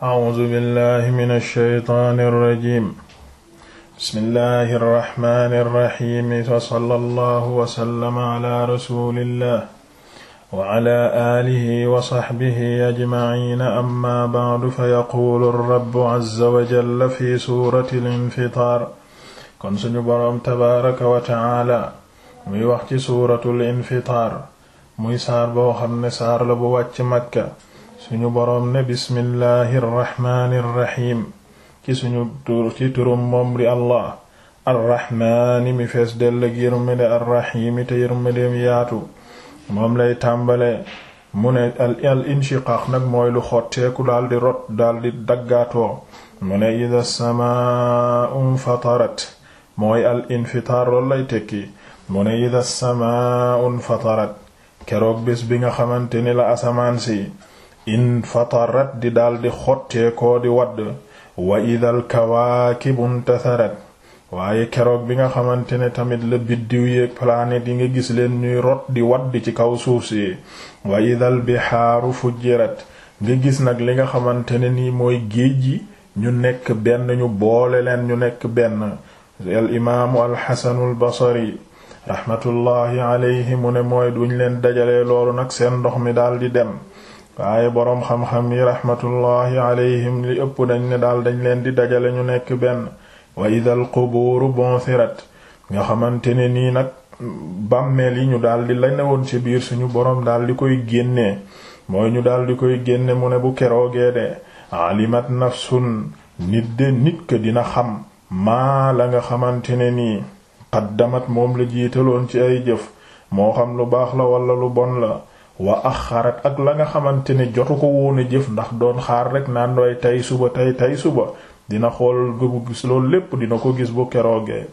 A'uuzu billaahi mina shaytaani rajiim. Bismillaahi rahmaani rahiim. Wa sallallaahu wa sallama alaa rasuulillaah wa alaa aalihi wa sahbihi ajmaciin. Ammaa ba'du, fa yaquulu rabbu azza wa jalla fi suuratil infitaar. Kon suñu boroom tabaaraka wa tacaala muy wax ci suuratul infitaar muy saar boo xam ne saar la bu wàcc Makka. suñu boroom ne bismillahi irraxmaani irraxim ci suñu tur ci turum moom di allah arraxmaani mi fees dell ak yërmande arraximi te yërmandeem yaatu moom lay tàmbale mu ne al inshiqaaq nag mooy lu xotteeku daldi rot daldi daggaatoo mu ne ida samaau infatarat mooy al infitaar loolu lay tekki mu ne ida samaau infatarat keroog bés bi nga xamante ni la asamaan si in di daldi xotteekoo di wadd wa idal kawaakibu ntasarat waaye keroog bi nga xamante ne tamit la biddiw yeeg planètes yi nga gis leen ñuy rot di wadd ci kaw suuf si wa idal bihaaru fujjirat nga gis nag li nga xamante ne nii mooy géej gi ñu nekk benn ñu boole leen ñu nekk benn al imaamu alxasanul basari raxmatullaahi alayhi mu ne mooy duñ leen dajale loolu nag seen ndox mi daldi dem waaye boroom xam-xam yi raxmatullahi alayhim li ëpp dañ ne daal dañ leen di dajale ñu nekk benn wa idal qubuuru bonsirat nga xamante ne nii nag bàmmeel yi ñu daal di la newoon ci biir suñu boroom daal di koy génnee mooy ñu daal di koy génne mu ne bu keroogee de alimat nafsun nit de nit ko dina xam maa la nga xamante ne nii qaddamat moom la jiitaloon ci ay jëf moo xam lu baax la walla lu bon la wa axarat ak la nga xamante ne jotu ko woon jëf ndax doon xaar rek naa doy tey suba tey tey suba dina xool bu gis loolu lépp dina ko gis bu keroogee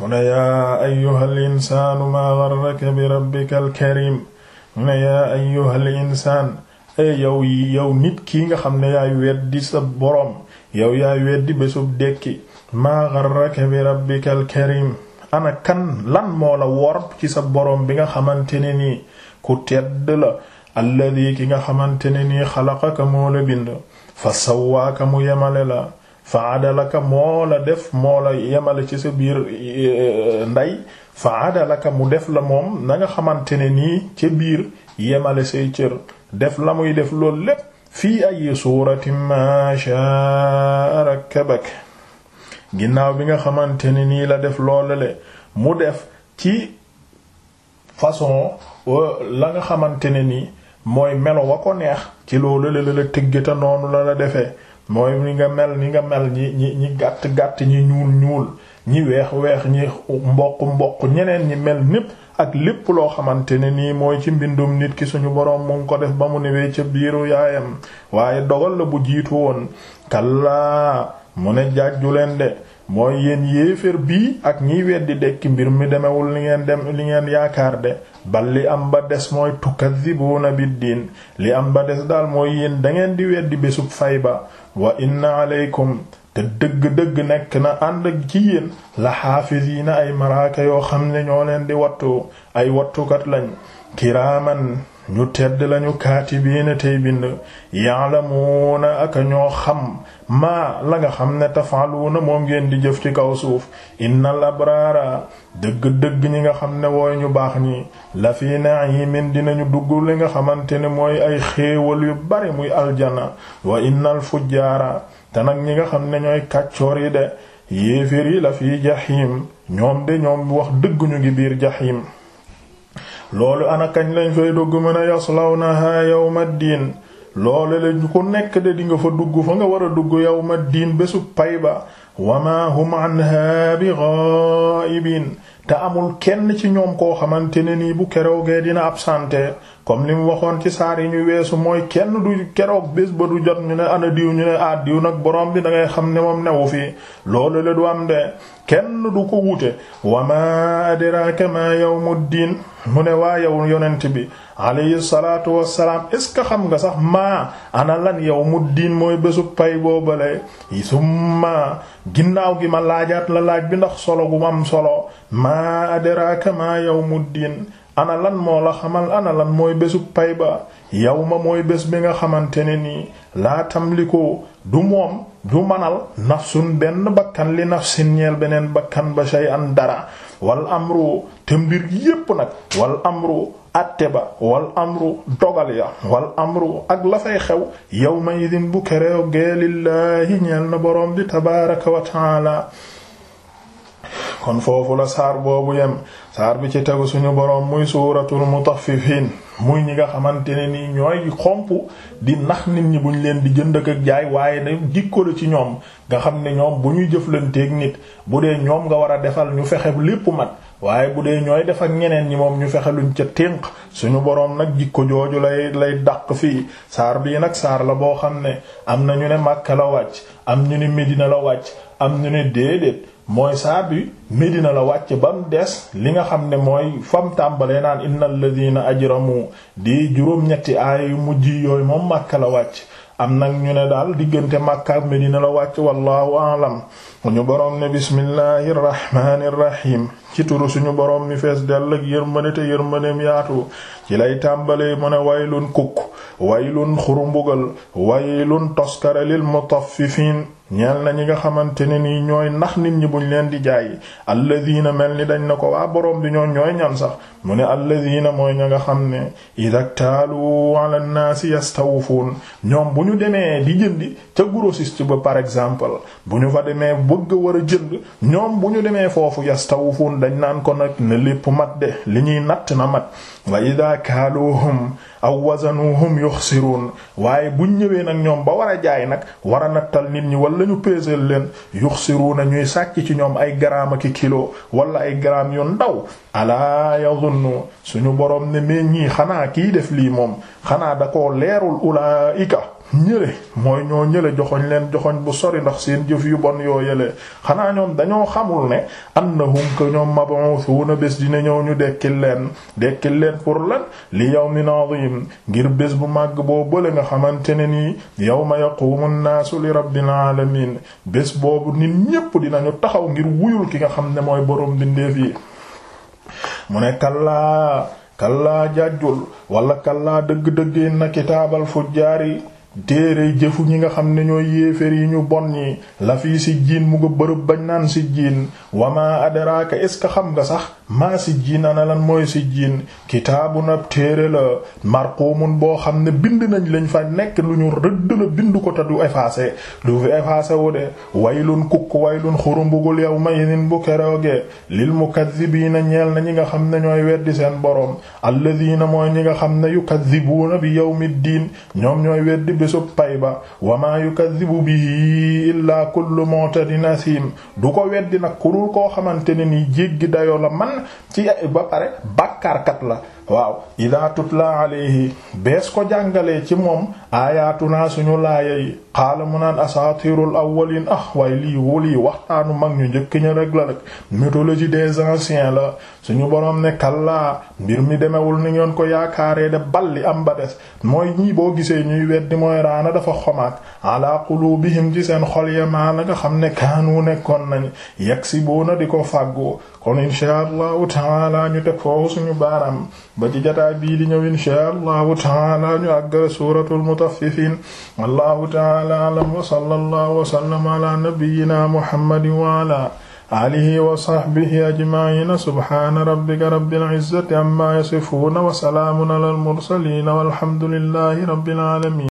mu ne yaa ayyuhal insaanu maa garraka bi rabbikal insaan ay yow yi yow nit kii nga xam ne yaay weddi sa boroom yow yaay weddi bésub dekki maa garraka bi rabbikal karim ana kan lan moo la wor ci sa boroom bi nga xamante ne nii ku tedd la alladi ki nga xamante ne nii xalaqaka moo la bind fa sawwaaka mu yemale la fa adalaka moo la def moo la yemale ci sa biir eh, ndey fa adalaka mu def la moom na nga xamante ne nii ci biir yemale say cër def la muy def loolu lépp fii ay suurati ma shaa rakkabak ginnaaw bi nga xamante ne nii la def loolale mu def ci façon la nga xamante ne nii mooy melo wa ko neex ci loolu la te noonu la la defee mooy ni nga mel ni nga mel ñi ñi ñi gàtt gàtt ñi ñuul ñuul ñi weex weex ñi mboq mboq ñeneen ñi mel népp ak lépp loo xamante ne nii mooy ci mbindum nit ki suñu boroom mu ngi ko def ba mu newee ca biiru yaayam waaye dogal la bu jiitu woon kallaa mu ne jaajju leen de mooy yéen yéefér bii ak ñiy weddi dekki mbir mi demewul li ngeen dem li ngeen yaakaar de bal li am ba des mooy tukazzibuuna biddiin li am ba des daal mooy yéen da ngeen di weddi bésub fay ba wa inna aleykum te dëgg-dëgg nekk na ànd ak ci yéen la xaafiziina ay maraaka yoo xam ne ñoo leen di wattu ay wattukat lañ kiraaman ñu tedd lañu kaatibiina tey bind ya'lamuuna ak ñoo xam maa la nga xam ne tafaaluuna moom ngeen di jëf ci kaw suuf innal abraara dëgg-dëgg ñi nga xam ne wooy ñu baax ñi la fii na'imin dinañu dugg li nga xamante ne mooy ay xéewal yu bari muy aljana wa innal fujjaara te nag ñi nga xam ne ñooy kàccoor yi de yéefér yi la fii ñoom de ñoom wax dëgguñu ñu ngi biir jahim loolu ana kañ lañ fay dugg mu ne yaslawnaha yawmaddiin loolu lañ ku nekk de di nga fa dugg fa nga war a dugg yawmaddiin bésu pay ba wa maa hum anha bi ghaa'ibiin te amul kenn ci ñoom koo xamante ne nii bu keroogee dina ab absente comme li mu waxoon ci saar yi ñu weesu mooy kenn du keroog bés ba du jot ñu ne ana diw ñu ne ah diw nag borom bi da xam ne moom newu fii loolu la du am de kenn du ko wute wa ma adraka ma yawmuddin mu ne waa yow bi alayhi salaatu wassalaam est-ce que xam nga sax maa ana lan yawmuddin mooy bésu pay boobale summa ginnaaw gi ma laajaat la laaj bi ndax solo gu am solo maa adraka mu diin ana lan moo la xamal ana lan mooy bésu pay ba yawma mooy bés bi nga xamante ne nii laa tamliku du moom du manal nafsun benn bakkan li nafsin ñeel beneen bakkan ba shay'an dara wal amru te mbir yépp nag wal amru atte ba wal amru dogal ya wal amru ak la fay xew yawma idin bu kerew gee lillaahi ñeel na boroom bi tabaaraka wa taala kon foofu la saar boobu yem saar bi ci tegu suñu boroom muy suuratul mutaffifiin muy ñi nga xamante ne nii ñooy xomp di nax nit ñi buñ leen di jënd ak jaay waaye da dikkalu ci ñoom nga xam ne ñoom bu ñuy jëflanteeg nit bu dee ñoom nga war a defal ñu fexe lépp mat waaye bu dee ñooy def ak ñeneen ñi moom ñu fexe luñ ca tënk suñu boroom nag jikko jooju lay lay dàq fii saar bii nag saar la boo xam ne am na ñu ne Makka la wàcc am ñu ne Medina la wàcc am ñu mooy saa bi Medina la wàcc ba des li nga xam ne mooy fam tàmbalee naan innal ladina ajramu di juróom-ñetti aaya yu mujj yooyu moom Makka la wàcc am nag ñu ne daal diggante Makka ak Medina la wàcc wallahu aalam ñu boroom ne bismillahi rrahmani rrahim ci turu suñu borom mi fees dell ak yërmande te yërmandeem yaatu ci lay tàmbalee mu ne waylun kukk waylun xurumbugal waylun toskare lil mutaffifiin ñeel na ñi nga xamante ne nii ñooy nax nit ñi buñ leen di jaay alladina mel ni dañ na ko waa boroom bi ñoo ñooy ñan sax mu ne alladina mooy ña nga xam ne ida ktaalu ala nnaasi yastawfuun ñoom bu ñu demee di jëndi ca grossiste ba par exemple bu ñu fa demee bëgg war a jënd ñoom bu ñu demee foofu yastawfuun dañ naan ko nag ne lépp mat de li ñuy natt na mat wa ida kaaluuhum aw wazanuuhum yuxsiruun waaye buñ ñëwee nag ñoom ba war a jaay nag war a nattal nit ñi wala ñu peeseel leen yuxsiruuna ñuy sàcc ci ñoom ay garaam ak kilo wala ay garaam yu ndaw alaa yazunnu suñu boroom ne mais ñii xanaa kii def lii moom xanaa da leerul leerul ulaika ñële mooy ñoo ñële joxoñ leen joxoñ bu sori ndax seen jëf yu bon yoo yële xanaa ñoom dañoo xamul ne na ko ñoom mab'uthuna bés dina ñëw ñu dekkil leen dekkil leen pour lan li yawmin azim ngir bés bu màgg boo bële nga xamante ne nii yawma yaqumu nnaasu li rabbil alamin bés boobu nit ñépp dinañu taxaw ngir wuyul ki nga xam ne mooy boroom bindeef yi mu ne kallaa kallaa jàjjul wala kallaa dëgg-dëggeen na kitaabal fujjaari téere jëfu ñi nga xam ne ñooy yéeféer yi ñu bon ñi la fii si jiin mu nga bërëb bañ naan si jiin wama adraka est ce que xam nga sax maa sijjiin ana lan mooy sijjiin kitaabun bu téere la marqumun boo xam ne bind nañ lañ fa nekk lu ñu rëdd la bind ko te du effacé du fi effacé wu de waylun kukk waylun xurumbugul yawma idin bu keroogee lil mukazzibiina ñeel na ñi nga xam ne ñooy weddi seen boroom na mooy ñi nga xam ne yukazzibuuna bi yawmiddiin ñoom ñooy weddi bésub pay ba wama yukazzibu bihi illaa kullu mu'tadin asim du ko weddi nekkul koo xamante ne ni jéggi dayoo la man ci ba pare bàkkaarkat la waaw ida tutla alayhi bees ko jàngalee ci moom aayatunaa suñu laaya yi xaala mu naan asatirul awwalin ah waaye lii wulii waxtaanu mag ñu njëkk ñu rek la rek mythologie des anciens la suñu boroom ne kallaa mbir mi demewul ni ngeen ko yaakaaree de balli am ba des mooy ñii boo gisee ñuy weddi mooy raana dafa xomaat ala qulubihim ci seen xol ya maa nga xam ne kaanu nekkoon nañ na di ko fàggoo kon insha allahu taala ñu teg foofu suñu baaram ba ci jotaay bii di ñëw inshaa allahu taala ñu àggale suuratul mutaffifiin wallahu taala alam wa sallallahu wa sallama ala nabiyyina muhammadin wa ala alihi wa sahbihi ajma'ina subhana rabbika rabbil izzati amma yasifuuna wa salaamun alal mursaliin walhamdulillahi rabbil alamin